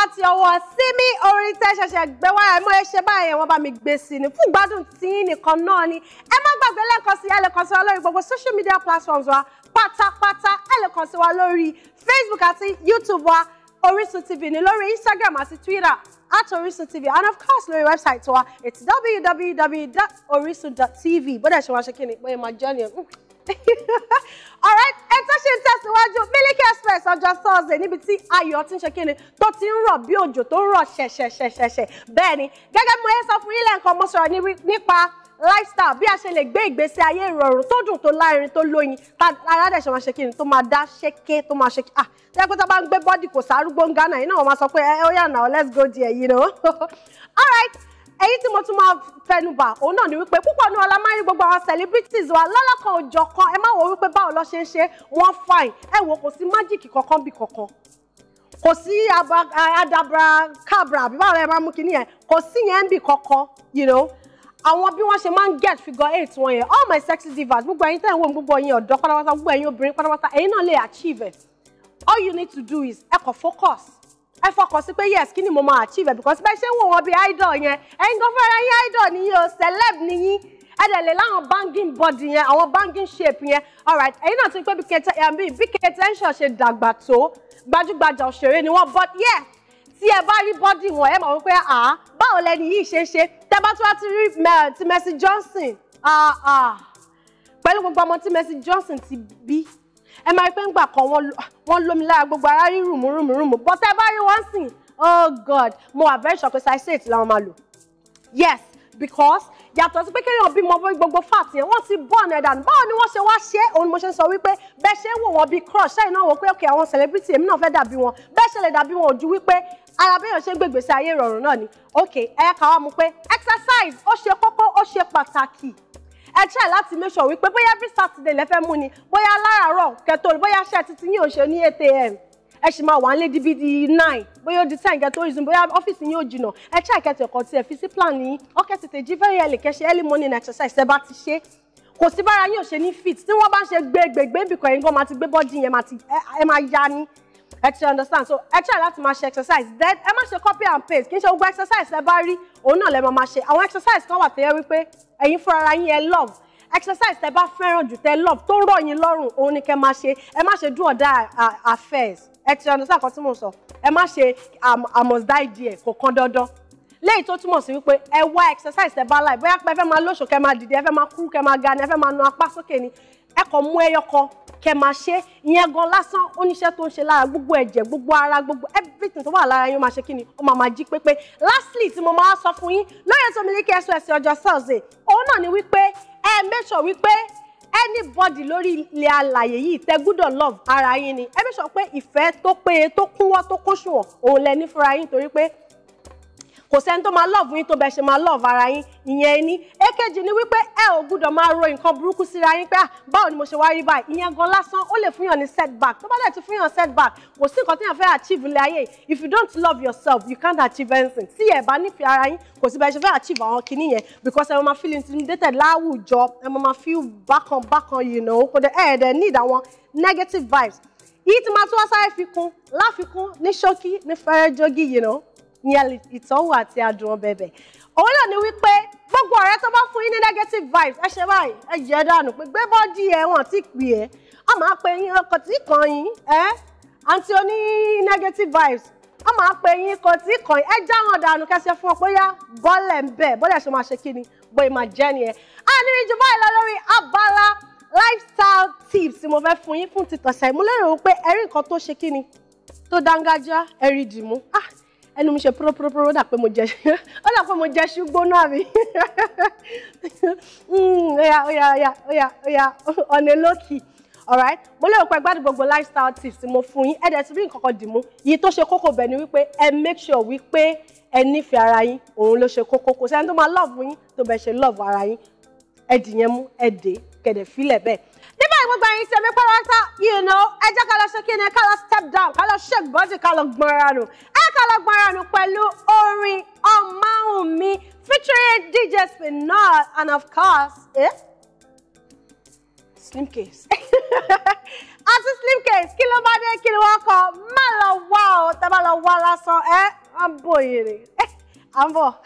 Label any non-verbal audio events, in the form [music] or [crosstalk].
láti ọwọ́ símí orin tẹ́ ṣẹ̀ṣẹ̀ gbé wá ẹ̀ mọ́ ẹ ṣe bá mi gbé sí ni fún ìgbádùn tí nìkan náà ni ẹ má gbàgbé lẹ́ẹ̀kan sí ẹ sí wa lórí gbogbo social media platforms wa pátápátá ẹ lè kàn sí wa lórí Facebook àti YouTube wa Orisun TV ni lórí Instagram àti Twitter at Orisun TV and of course lórí website wa it's www.orisun.tv bó dẹ̀ ṣe wá ṣe kí ni pé ẹ máa jẹ́ ni. [laughs] all right ẹ tó ṣe ń tẹ̀sí sọjọ́ Thursday, níbi tí ayọ̀ ti ń ṣe kíni tó ti ń rọ̀ bí òjò tó ń rọ̀ ṣẹ̀ṣẹ̀ṣẹ̀ṣẹ̀ bẹ́ẹ̀ ni gẹ́gẹ́ bí mo yẹ sọ fún yín lẹ́ẹ̀kan mo sọ̀rọ̀ nípa lifestyle bí a ṣe lè gbé ìgbésí ayé ìrọ̀rùn tó dùn tó lárinrin tó lóyin aládẹ̀ṣẹ̀ máa ṣe kí ni tó máa dá ṣéké tó máa ṣe kí ah jẹ́ pé tó bá ń gbé bọ́dì kò sárúgbó ń gánà yìí náà wọ́n máa sọ pé ẹ ó yà náà let's go there you know [laughs] all right èyí tí mo tún máa fẹnu bà òun náà ni wípé púpọ̀ náà la máa ń rí gbogbo àwọn celebrities wa lọ́lọ́kan òjọ̀ kan ẹ má wò wípé báwo lọ ṣe ń ṣe wọ́n fine ẹ wò kò sí májìkì kankan bí kankan kò sí adabracabra àbí báwo ẹ máa mú kinní yẹn kò sí yẹn ń bì kankan you know àwọn bí wọ́n ṣe máa ń get figure eight wọn yẹn all my sexy divas gbogbo ẹ̀yin tẹ̀ ń wò gbogbo ẹ̀yin ọ̀dọ́ pátápátá gbogbo ẹ̀yin obìnrin pátápátá ẹ̀yin náà lè achieve it all you need to do is ẹ kàn focus ẹ fọkàn sí pé yes kí ni mo máa achieve because bẹ́ẹ̀ ṣe ń wò wọ́n bí idol yẹn ẹ̀yin gan fẹ́ra yín idol nìyí o celeb nìyí ẹ dẹ̀ lè láwọn banging body yẹn àwọn banging shape yẹn alright ẹ̀yin náà ti pé bí Kentension ṣe dàgbà tó gbajúgbajà òṣèré ni wọ́n but yeah tí ẹ bá rí body wọn ẹ mọ̀ wípé à báwo lẹni yìí ṣe ṣe tẹ́ bá tún wá ti rí ti Mercy Johnson pẹ̀lú gbogbo ọmọ tí Mercy Johnson ti bí ẹ máa rí pé ńgbà kan wọ́n lómi lára gbogbo ara rí rùmùrùmùrùmù bọ́tẹ́ bá rí wọ́n sìn oh god mo wà very sure pé size eight làwọn máa lò yes because yàtọ̀ sí pé kéèyàn bímọ gbogbo fat yẹn wọ́n ti born ẹ̀ dànù báwo ni wọ́n ṣe wá ṣe òun ni mo ṣe ń sọ wípé bẹ́ẹ̀ ṣe ń wò wọ́n bíi crush ṣẹ́yìn náà wò pé òkè àwọn celebrity èmi náà fẹ́ dàbí wọn bẹ́ẹ̀ ṣe lè dàbí wọn ò ju wípé ara béèyàn ṣe ń gbègbèsè ayé ìrọ̀rùn náà ni ok ẹ̀ka wa mú pé exercise ó ṣe kókó ó ṣe pàtàkì ẹ try láti make sure wípé bóyá every Saturday lẹ fẹ́ mú ni bóyá láràárọ̀ kẹtó bóyá ṣe títí yín ò ṣe ní eight a.m ẹ ṣì máa wà nílé díbí di nine bóyá ó di ten kẹtó resume bóyá ọ́fíìsì yín ò jìnà ẹ ṣe àkẹtì ọkọ tí ẹ fi sí plan yín ọkẹ tètè jí very early kẹṣẹ early morning exercise ẹ bá ti ṣe kò sí bára yín ṣe ní fit tí wọ́n bá ń ṣe gbé gbègbè ibìkan yín gan máa ti gbé bọ́dì yẹn ẹ máa ya ni ẹ understand so ẹ try láti máa ṣe exercise then ẹ má ṣe copy and paste kì í ṣe gbogbo exercise ẹ bá rí òun náà lẹ máa máa ṣe àwọn exercise kan wà tó yẹ wípé ẹ̀yin fúnra yín ẹ love exercise tẹ bá fẹ́ràn jù tẹ love tó rọ̀ yín lọ́rùn òun ni kẹ máa ṣe ẹ má ṣe do other affairs ẹ understand kan tí mo sọ ẹ má ṣe um, I must die there kò kan dandan léyìí tó túmọ̀ sí wípé ẹ wá exercise tẹ bá láì bóyá pé ẹ fẹ́ máa lóṣù kẹ máa dìde ẹ fẹ́ máa kú kẹ máa ga ni ẹ fẹ́ máa na apá sókè ni ẹ kàn mú ẹyọ kan kẹ máa ṣe ìyẹn gan lásán oníṣẹ́ tó ń ṣe lára gbogbo ẹ̀jẹ̀ gbogbo ara gbogbo everything tó wà lára yín máa ṣe kí ni ó máa máa jí pépé lastly tí mo máa sọ fún yín lórí ètò Miliki Express ọjọ́ Thursday òun náà ni wípé ẹ make sure wípé anybody lórí ilẹ̀ alàyè yìí tẹ gbúdọ̀ love ara yín ni ẹ make sure pé ìfẹ́ tó péye tó kúnwọ́ tó kóṣùwọ̀n òun lẹ ní fúnra yín torí pé kò sẹ́ni tó máa love yín tó bẹ́ẹ̀ ṣe máa love ara yín ìyẹn ẹni èkejì ni wípé ẹ ò gbúdọ̀ máa ro nǹkan burúkú síra yín pé à ah, báwo ni mo ṣe wá rí báyìí ìyẹn gan lásán ó lè fúnyàn ní setback tó bá dẹ̀ ti fúnyàn setback kò sí nǹkan tí yàn fẹ́ achieve ilé ayé if you don't love yourself you can't achieve anything tí ẹ bá nífẹ̀ẹ́ ara yín kò sí bẹ́ẹ̀ ṣe fẹ́ achieve àwọn kinní yẹn because ẹ máa feel intimidated láwùjọ ẹ máa feel bákan bákan you know kò dẹ̀ ẹ̀ dẹ̀ need àwọn negative vibes èyí tí máa tún wá sáré fi kún láfikún ní ṣókí ní fẹ́rẹ́ jogi you know ìyẹn ìtọ́wò àti adùn ọbẹ̀ bẹ̀ òun náà ni wípé gbogbo ọ̀rẹ́ tó bá fún yín ní negative vibes ẹ ṣe báyìí ẹ jẹ́ dànù pé gbé bọ́ọ̀dì ẹ̀ wọ́n ti pè é a máa pe yín ọkọ̀ tí kàn yín ẹ́ àǹtí oní negative vibes a máa pe yín ọkọ̀ tí kàn yín ẹ já wọn dànù kẹsẹ̀ fún ọ pé yá bọ́ọ̀lẹ̀ ń bẹ̀ bọ́ọ̀lẹ̀ ṣe máa ṣe kí ni bó ìmọ̀ jẹ́ nìyẹn a ní jù báyìí lọ lórí abala lifestyle tips tí mo fẹ́ fún yín fún títọ̀sẹ̀ ìmúlẹ̀rọ̀ pé ẹ̀rí nǹkan tó ṣe kí ni tó dángájá ẹ̀rí dìmú ah ẹnu mi ṣe púrọ́púrọ́púrọ́ ó dà pé mo jẹ [laughs] ó dà pé mo jẹ ṣùgbọ́n àbí oya oya oya oya oya ọ̀nà lókì alright mo lérò pé gbádùn gbogbo lifestyle tips mo fún yín ẹ dẹ̀ ti nǹkan kan dì yìí tó ṣe kókó bẹ̀ ni wípé ẹ make sure wípé ẹ nífẹ̀ẹ́ ara yín òun ló ṣe kókó kò sẹ́ni tó máa lọ́ọ̀bù yín tó bẹ̀ ṣe lọ́ọ̀bù ara yín ẹ dìyẹn mú ẹ dé kẹ̀dẹ̀ fílẹ̀ bẹ́ẹ̀ nígbà yìí gbogbo ẹ̀yin tí ẹ̀mí pàrọ̀tà yìí ká lọ ṣe kí ni ká lọ step down ká lọ shake body ká lọ gbọ́n ara nù ẹ ká lọ gbaranu pẹ̀lú orin Ọmáwùnmí featuring DJ Spinall and of course eh? Slimcase. [laughs] àti Slimcase kí ló bá dé kí ni wọ́n kọ má lọ wá o tá bá lọ wá lásán ẹ́ wọ́n bòyèrè à ń bọ̀.